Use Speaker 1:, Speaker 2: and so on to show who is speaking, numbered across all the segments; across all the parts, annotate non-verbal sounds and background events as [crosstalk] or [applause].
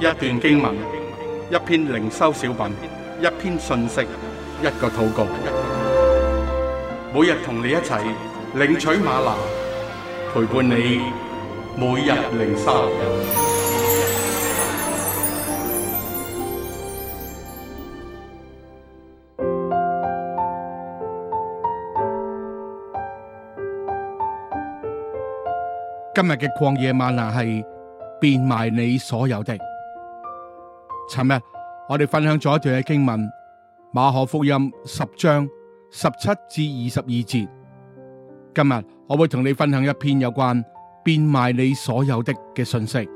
Speaker 1: 一段經文，一篇靈修小品，一篇信息，一個禱告。每日同你一齊領取嗎哪，陪伴你每日靈修。今日嘅曠野嗎哪係變賣你所有的。尋日我哋分享咗一段嘅經文，馬可福音十章十七至二十二節。今日我會同你分享一篇有關變賣你所有的嘅信息。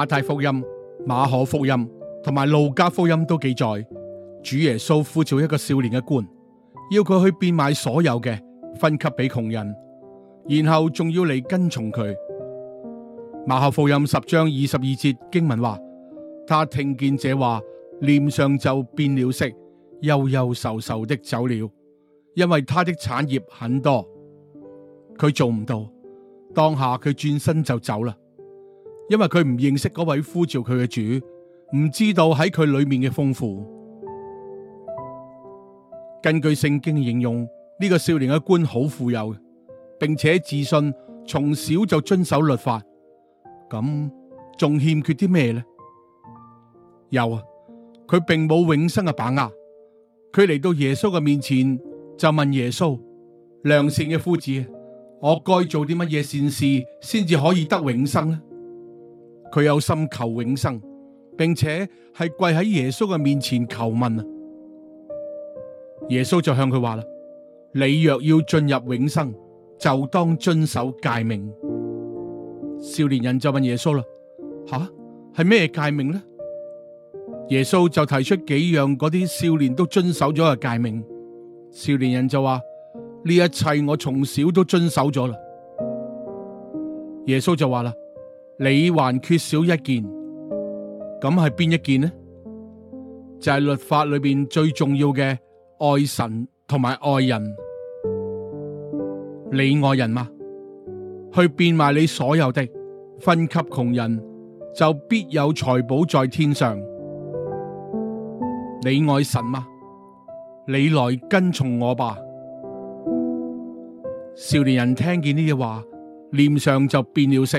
Speaker 1: 馬太福音、馬可福音同埋路加福音都記載，主耶穌呼召一個少年嘅官，要佢去變賣所有嘅，分級給俾窮人，然後仲要嚟跟從佢。馬可福音十章二十二節經文話：他聽見這話，臉上就變了色，憂憂愁愁，愁愁的走了，因為他的產業很多，佢做唔到，當下佢轉身就走了。因為佢唔認識嗰位呼召佢嘅主，唔知道喺佢裏面嘅豐富。根據聖經嘅形容，呢個少年嘅官好富有，並且自信，從小就遵守律法。咁仲欠缺啲咩呢？又他並沒有啊，佢並冇永生嘅把握。佢嚟到耶穌嘅面前，就問耶穌：「良善嘅夫子，我該做啲乜嘢善事，先至可以得永生呢？」佢有心求永生，并且係跪喺耶穌嘅面前求問啊！耶穌就向佢話啦：你若要進入永生，就當遵守誡命。少年人就問耶穌啦：吓係咩誡命咧？耶穌就提出幾樣嗰啲少年都遵守咗嘅誡命。少年人就話：呢一切我從小都遵守咗啦。耶穌就話啦。你還缺少一件，咁係邊一件呢？就係律法裏邊最重要嘅愛神同埋愛人。你愛人嗎？去變賣你所有的，分給窮人，就必有財寶在天上。你愛神嗎？你來跟從我吧。少年人聽見呢啲話，臉上就變了色。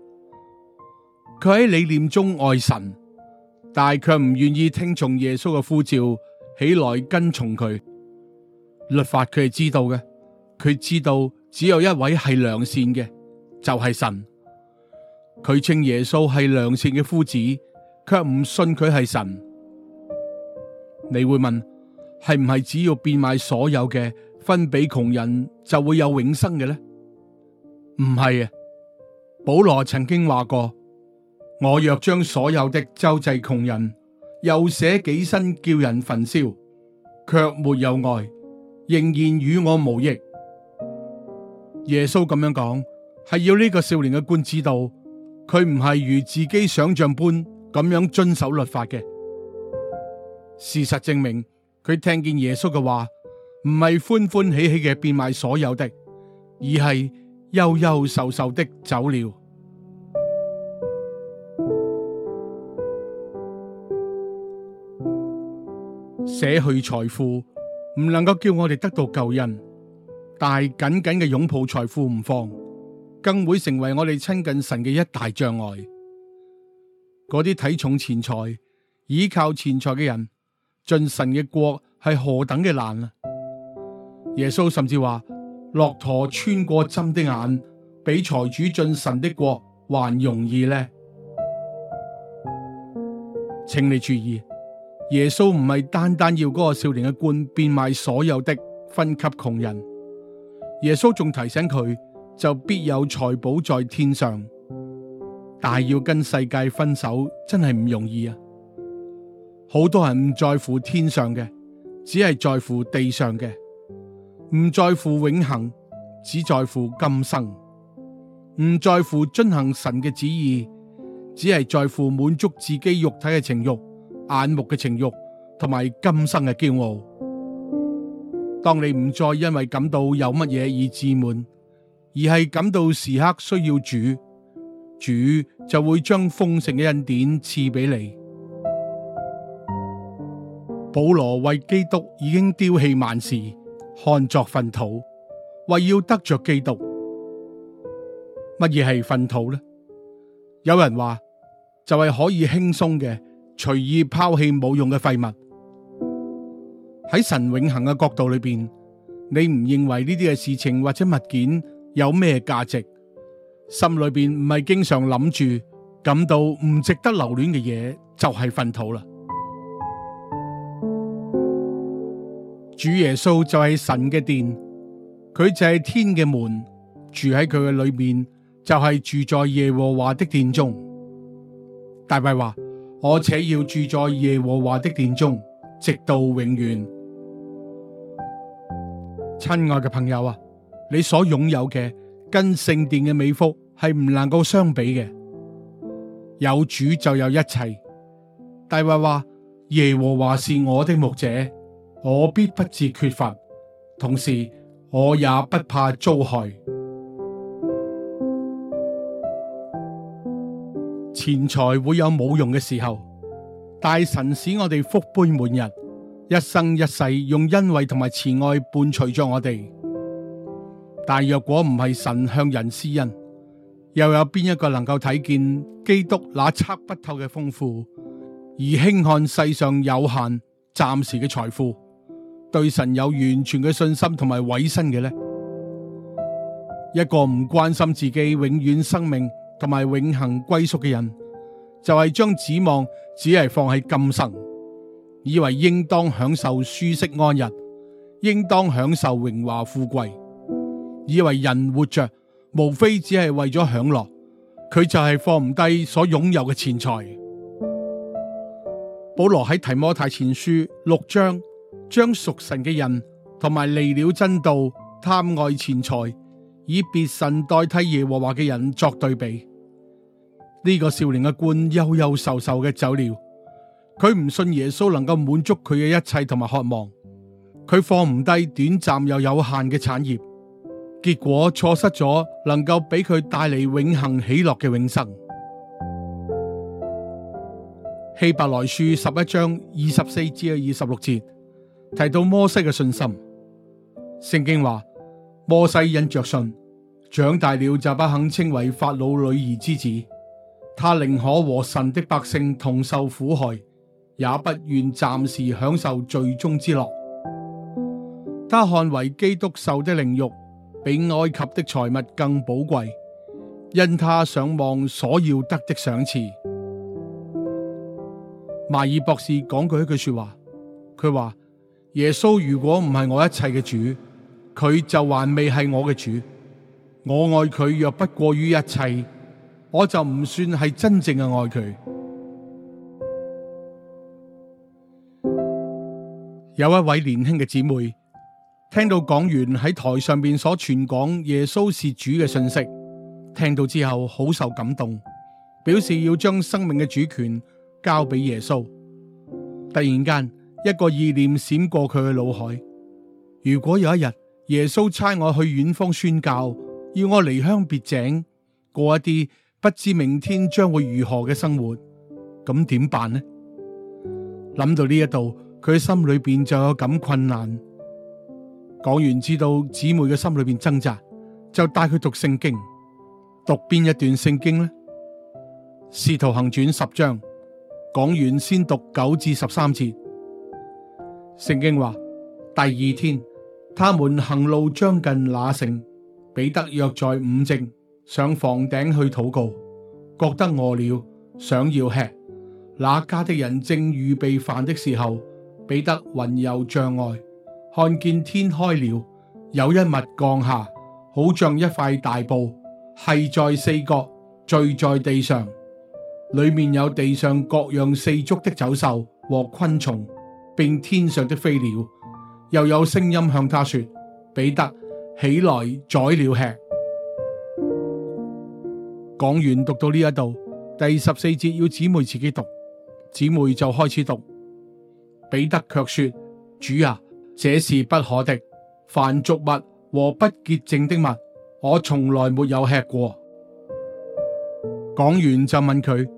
Speaker 1: 佢喺理念中愛神，但係佢唔願意聽從耶穌嘅呼召起來跟從佢。律法佢係知道嘅，佢知道只有一位係良善嘅，就係神。佢稱耶穌係良善嘅夫子，卻唔信佢係神。你會問係唔係只要變賣所有嘅分俾窮人就會有永生嘅呢？唔係啊！保羅曾經話過。我若將所有的周濟窮人，又捨己身叫人焚燒，卻沒有愛，仍然與我無益。耶穌咁樣講，係要呢個少年嘅官知道，佢唔係如自己想象般咁樣遵守律法嘅。事實證明，佢聽見耶穌嘅話，唔係歡歡喜喜嘅變賣所有的，而係憂憂愁愁的走了。捨去財富唔能夠叫我哋得到救恩，但係緊緊嘅擁抱財富唔放，更會成為我哋親近神嘅一大障礙。嗰啲睇重錢財、依靠錢財嘅人，進神嘅國係何等嘅難啊！耶穌甚至話：「駱駝穿過針的眼，比財主進神的國還容易呢！」請你注意。耶穌唔係單單要嗰個少年嘅官變賣所有的分給窮人，耶穌仲提醒佢就必有財寶在天上，但係要跟世界分手真係唔容易啊！好多人唔在乎天上嘅，只係在乎地上嘅，唔在乎永恒，只在乎今生，唔在乎遵行神嘅旨意，只係在乎滿足自己肉體嘅情欲。眼目嘅情欲同埋今生嘅驕傲，當你唔再因為感到有乜嘢而自滿，而係感到時刻需要主，主就會將豐盛嘅恩典賜俾你。保羅為基督已經丟棄萬事，看作糞土，為要得着基督。乜嘢係糞土呢？有人話就係可以輕鬆嘅。隨意拋棄冇用嘅廢物，喺神永恒嘅角度裏邊，你唔認為呢啲嘅事情或者物件有咩價值？心裏邊唔係經常諗住感到唔值得留戀嘅嘢就係糞土啦。主耶穌就係神嘅殿，佢就係天嘅門，住喺佢嘅裏面就係住在耶和華的殿中。大衛話。我且要住在耶和華的殿中，直到永遠。親愛嘅朋友啊，你所擁有嘅跟聖殿嘅美福係唔能夠相比嘅。有主就有一切。大衛話：耶和華是我的牧者，我必不致缺乏。同時，我也不怕遭害。錢財會有冇用嘅時候，但神使我哋福杯滿日，一生一世用恩惠同埋慈愛伴隨着我哋。但若果唔係神向人施恩，又有邊一個能夠睇見基督那測不透嘅豐富，而輕看世上有限暫時嘅財富，對神有完全嘅信心同埋委身嘅呢？一個唔關心自己永遠生命。同埋永恒歸宿嘅人，就係、是、將指望只係放喺今生，以為應當享受舒適安逸，應當享受榮華富貴，以為人活着無非只係為咗享樂，佢就係放唔低所擁有嘅錢財。保羅喺提摩太前書六章，將屬神嘅人同埋離了真道、貪愛錢財、以別神代替耶和華嘅人作對比。呢、這個少年嘅官憂憂愁愁嘅走了，佢唔信耶穌能夠滿足佢嘅一切同埋渴望，佢放唔低短暫又有限嘅產業，結果錯失咗能夠俾佢帶嚟永恆喜樂嘅永生。希伯來書十一章二十四至二十六節提到摩西嘅信心，聖經話摩西因着信，長大了就不肯稱為法老女兒之子。他寧可和神的百姓同受苦害，也不願暫時享受罪中之樂。他看為基督受的凌辱，比埃及的財物更寶貴，因他想望所要得的賞賜。邁爾博士講過一句說話，佢話：耶穌如果唔係我一切嘅主，佢就還未係我嘅主。我愛佢若不過於一切。我就唔算係真正嘅愛佢。有一位年輕嘅姐妹聽到講員喺台上面所傳講耶穌是主嘅信息，聽到之後好受感動，表示要將生命嘅主權交俾耶穌。突然間，一個意念閃過佢嘅腦海：如果有一日耶穌差我去遠方宣教，要我離鄉別井，過一啲。不知明天將會如何嘅生活，咁點辦呢？諗到呢一度，佢心裏邊就有咁困難。講完知道姊妹嘅心裏邊掙扎，就帶佢讀聖經，讀邊一段聖經呢？使徒行傳十章，講完先讀九至十三節。聖經話：第二天，他們行路將近那城，彼得約在五正。上房頂去禱告，覺得餓了，想要吃。那家的人正預備飯的時候，彼得魂遊象外，看見天開了，有一物降下，好像一塊大布，繫在四角，墜在地上，裏面有地上各樣四足的走獸和昆蟲，並天上的飛鳥，又有聲音向他說：彼得起來宰了吃。講完讀到呢一度，第十四節要姊妹自己讀，姊妹就開始讀。彼得卻說：主啊，這是不可的，凡俗物和不潔淨的物，我從來沒有吃過。講完就問佢：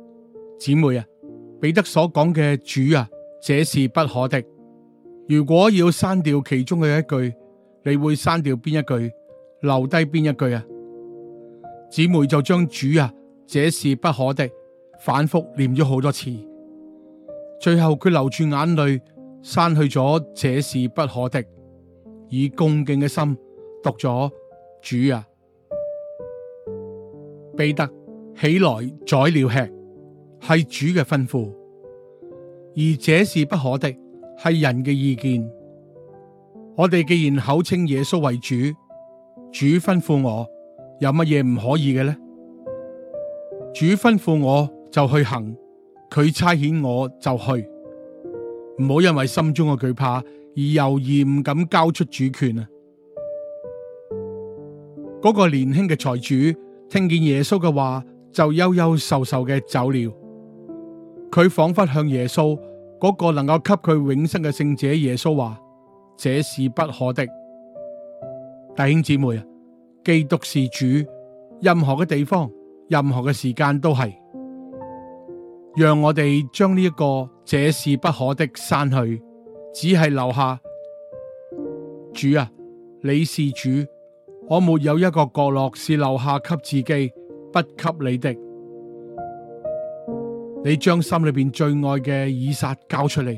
Speaker 1: 姊妹啊，彼得所講嘅主啊，這是不可的。如果要刪掉其中嘅一句，你會刪掉邊一句？留低邊一句啊？姊妹就將主啊，這是不可的，反覆念咗好多次，最後佢流住眼淚，刪去咗這是不可的，以恭敬嘅心讀咗主啊，彼得起來宰了吃，係主嘅吩咐，而這是不可的，係人嘅意見，我哋既然口稱耶穌為主，主吩咐我。有乜嘢唔可以嘅呢？主吩咐我就去行，佢差遣我就去，唔好因為心中嘅懼怕而猶豫唔敢交出主權啊！嗰個年輕嘅財主聽見耶穌嘅話，就憂憂愁愁嘅走了。佢仿佛向耶穌嗰個能夠給佢永生嘅聖者耶穌話：這是不可的，弟兄姊妹啊！基督是主，任何嘅地方，任何嘅時間都係。讓我哋將呢、這、一個這是不可的刪去，只係留下。主啊，你是主，我沒有一個角落是留下給自己，不給你的。你將心裏邊最愛嘅以撒交出嚟，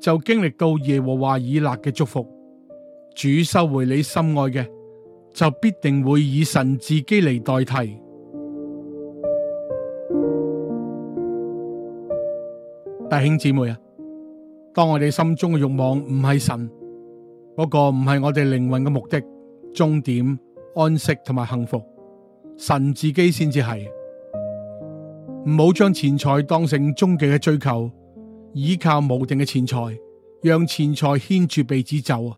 Speaker 1: 就經歷到耶和華以勒嘅祝福。主收回你心愛嘅。就必定會以神自己嚟代替弟兄姊妹啊！當我哋心中嘅慾望唔係神，嗰個唔係我哋靈魂嘅目的、終點、安息同埋幸福，神自己先至係。唔好將錢財當成終極嘅追求，倚靠無定嘅錢財，讓錢財牽住鼻子走。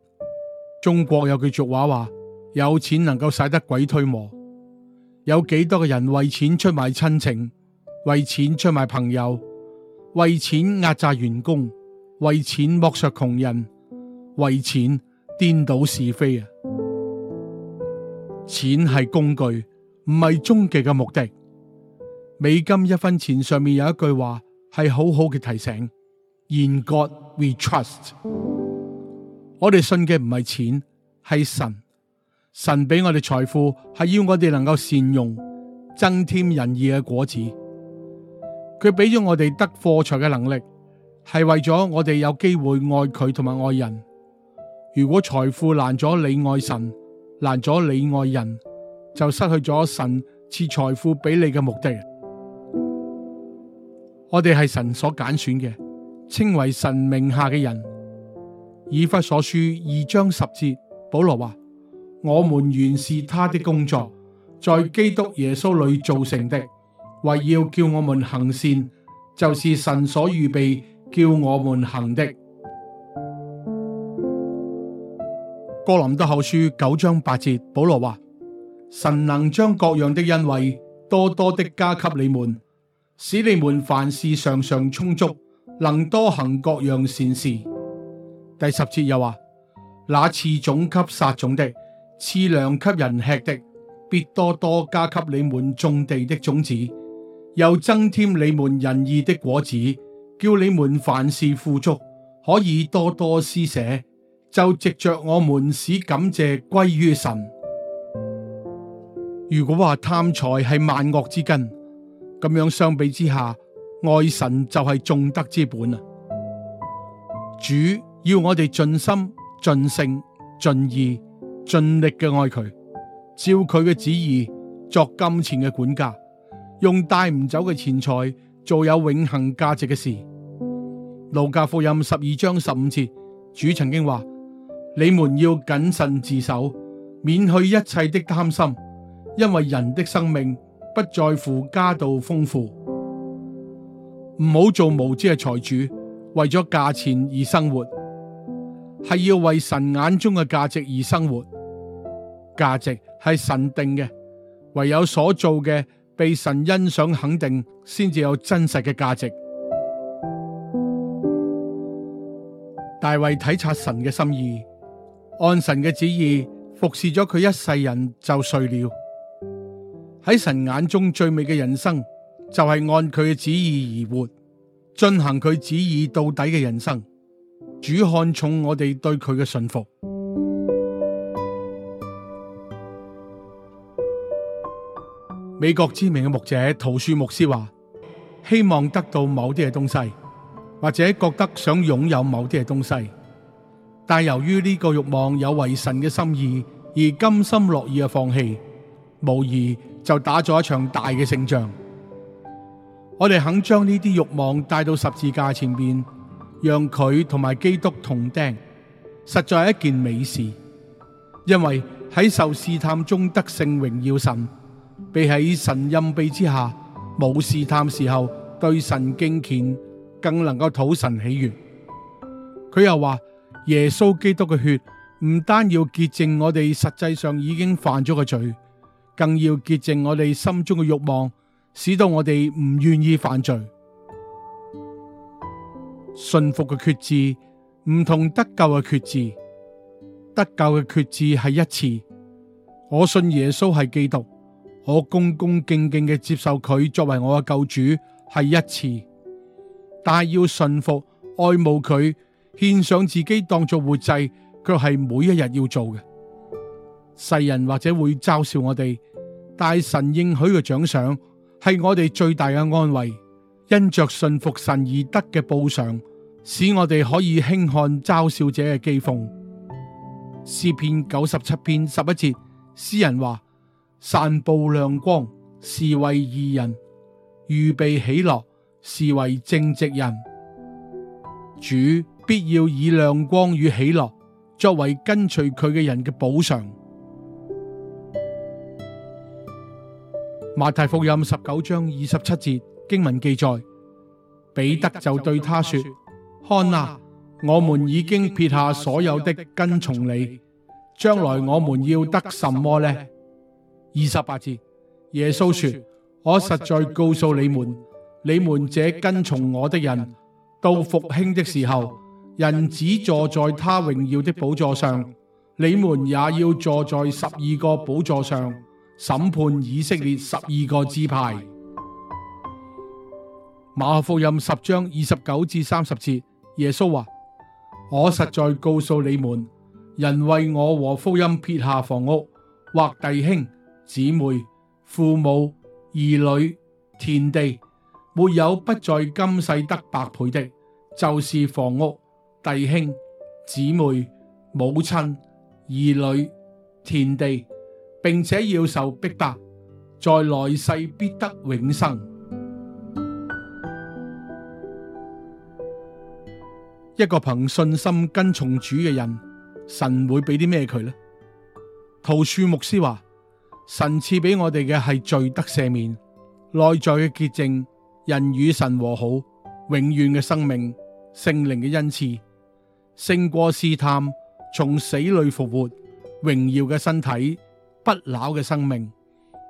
Speaker 1: 中國有句俗話話。有錢能夠使得鬼推磨，有幾多個人為錢出賣親情，為錢出賣朋友，為錢壓榨員工，為錢剝削窮人，為錢顛倒是非啊！錢係工具，唔係終極嘅目的。美金一分錢上面有一句話係好好嘅提醒 In God We Trust。我哋信嘅唔係錢，係神。神俾我哋財富，係要我哋能夠善用，增添仁義嘅果子。佢俾咗我哋得貨財嘅能力，係為咗我哋有機會愛佢同埋愛人。如果財富難咗你愛神，難咗你愛人，就失去咗神賜財富俾你嘅目的。我哋係神所揀選嘅，稱為神名下嘅人。以弗所書二章十節，保羅話。我們原是他的工作，在基督耶穌裏造成的，為要叫我們行善，就是神所預備叫我們行的。哥林多後書九章八節，保羅話：神能將各樣的恩惠多多的加給你們，使你們凡事常常充足，能多行各樣善事。第十節又話：那賜種給撒種的。賜糧給人吃的，必多多加給你們種地的種子，又增添你們仁義的果子，叫你們凡事富足，可以多多施捨。就藉着我們使感謝歸於神。如果話貪財係萬惡之根，咁樣相比之下，愛神就係眾德之本啊！主要我哋盡心、盡性、盡意。盡力嘅愛佢，照佢嘅旨意作金錢嘅管家，用帶唔走嘅錢財做有永恒價值嘅事。路加福音十二章十五節，主曾經話：你們要謹慎自守，免去一切的貪心，因為人的生命不在乎家道豐富。唔好做無知嘅財主，為咗價錢而生活，係要為神眼中嘅價值而生活。價值係神定嘅，唯有所做嘅被神欣賞肯定，先至有真實嘅價值。大衛體察神嘅心意，按神嘅旨意服侍咗佢一世人就睡了。喺神眼中最美嘅人生，就係、是、按佢嘅旨意而活，進行佢旨意到底嘅人生。主看重我哋對佢嘅信服。美國知名嘅牧者陶恕牧師話：希望得到某啲嘅東西，或者覺得想擁有某啲嘅東西，但由於呢個欲望有違神嘅心意，而甘心樂意嘅放棄，無疑就打咗一場大嘅勝仗。我哋肯將呢啲欲望帶到十字架前邊，讓佢同埋基督同釘，實在係一件美事，因為喺受試探中得勝榮耀神。被喺神蔭庇之下，冇事探試探時候，對神敬虔，更能夠討神喜悅。佢又話：耶穌基督嘅血唔單要潔淨我哋實際上已經犯咗嘅罪，更要潔淨我哋心中嘅慾望，使到我哋唔願意犯罪。信服嘅決志唔同得救嘅決志，得救嘅決志係一次，我信耶穌係基督。我恭恭敬敬嘅接受佢作為我嘅救主係一次，但要信服、愛慕佢、獻上自己當作活祭，卻係每一日要做嘅。世人或者會嘲笑我哋，但神應許嘅獎賞係我哋最大嘅安慰，因着信服神而得嘅報償，使我哋可以輕看嘲笑者嘅譏諷。詩篇九十七篇十一節，詩人話：散布亮光，是為義人；預備喜樂，是為正直人。主必要以亮光與喜樂作為跟隨佢嘅人嘅補償。馬太福音十九章二十七節經文記載，彼得就對他說：看哪，我們已經撇下所有的跟從你，將來我們要得什麼呢？二十八節，耶穌說：我實在告訴你們，你們這跟從我的人，到復興的時候，人只坐在他榮耀的寶座上，你們也要坐在十二個寶座上，審判以色列十二個支派。馬可福音十章二十九至三十節，耶穌話：我實在告訴你們，人為我和福音撇下房屋，或弟兄。姊妹、父母、兒女、田地，沒有不在今世得百倍的，就是房屋、弟兄、姊妹、母親、兒女、田地，並且要受逼迫，在來世必得永生。 [music] 一個憑信心跟從主嘅人，神會俾啲咩佢呢？陶恕牧師話。神賜俾我哋嘅係罪得赦免、內在嘅潔淨、人與神和好、永遠嘅生命、聖靈嘅恩賜、勝過試探、從死裏復活、榮耀嘅身體、不朽嘅生命，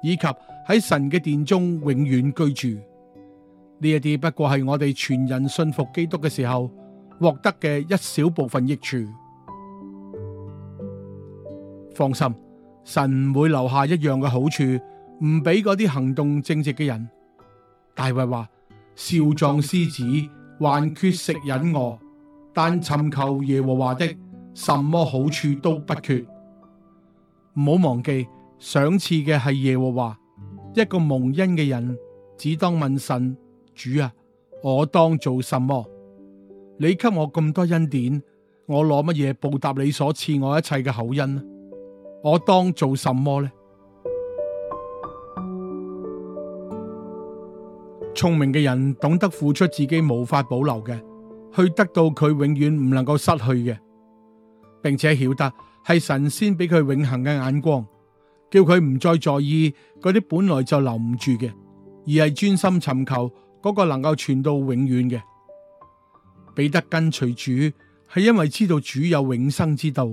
Speaker 1: 以及喺神嘅殿中永遠居住。呢一啲不過係我哋全人信服基督嘅時候獲得嘅一小部分益處。放心。神唔會留下一樣嘅好處，唔俾嗰啲行動正直嘅人。大衛話：少壯獅子還缺食忍餓，但尋求耶和華的，什麼好處都不缺。唔好忘記，賞賜嘅係耶和華。一個蒙恩嘅人，只當問神，主啊：我當做什麼？你給我咁多恩典，我攞乜嘢報答你所賜我一切嘅厚恩呢？我當做什麼呢？聰明嘅人懂得付出自己無法保留嘅，去得到佢永遠唔能夠失去嘅，並且曉得係神仙俾佢永恆嘅眼光，叫佢唔再在意嗰啲本來就留唔住嘅，而係專心尋求嗰個能夠傳到永遠嘅。彼得跟隨主，係因為知道主有永生之道，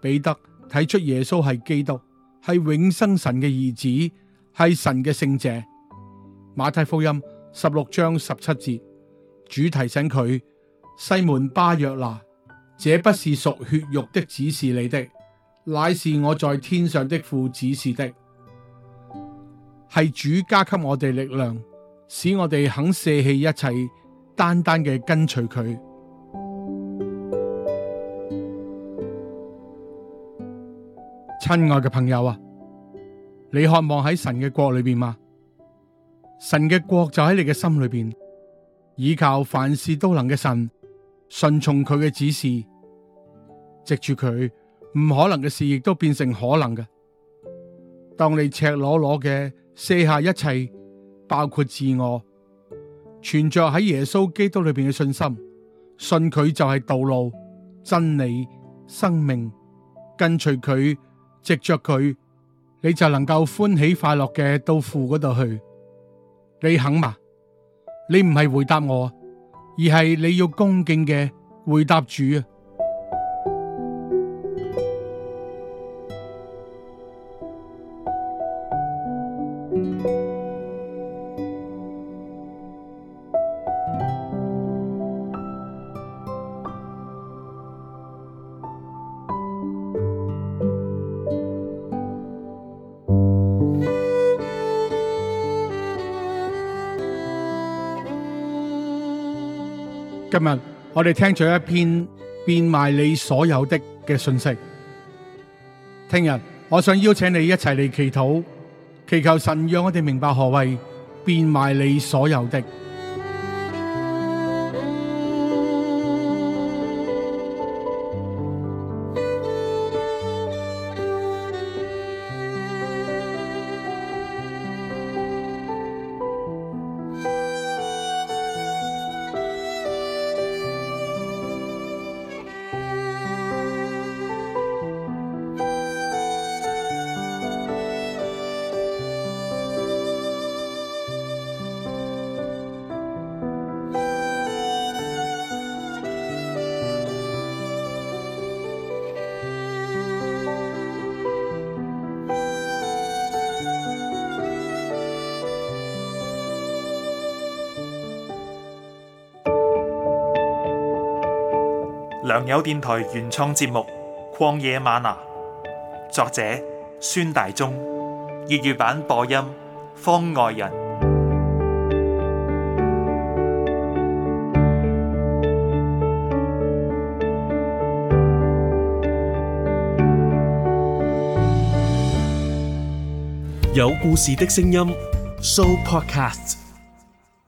Speaker 1: 彼得。睇出耶穌係基督，係永生神嘅兒子，係神嘅聖者。馬太福音十六章十七節，主提醒佢：西門巴約拿，這不是屬血肉的指示你的，乃是我在天上的父指示的。係主加給我哋力量，使我哋肯捨棄一切，單單嘅跟隨佢。親愛嘅朋友啊，你渴望喺神嘅國裏邊嗎？神嘅國就喺你嘅心裏邊，依靠凡事都能嘅神，順從佢嘅指示，藉住佢，唔可能嘅事亦都變成可能嘅。當你赤裸裸嘅卸下一切，包括自我，存着喺耶穌基督裏邊嘅信心，信佢就係道路、真理、生命，跟隨佢。藉着佢，你就能夠歡喜快樂嘅到父嗰度去。你肯嘛？你唔係回答我，而係你要恭敬嘅回答主。今日我哋聽咗一篇變賣你所有的嘅信息，聽日我想邀請你一齊嚟祈禱，祈求神讓我哋明白何謂變賣你所有的。良友電台原創節目《曠野嗎哪》，作者孫大中，粵語版播音方外人，有故事的聲音 Show Podcast。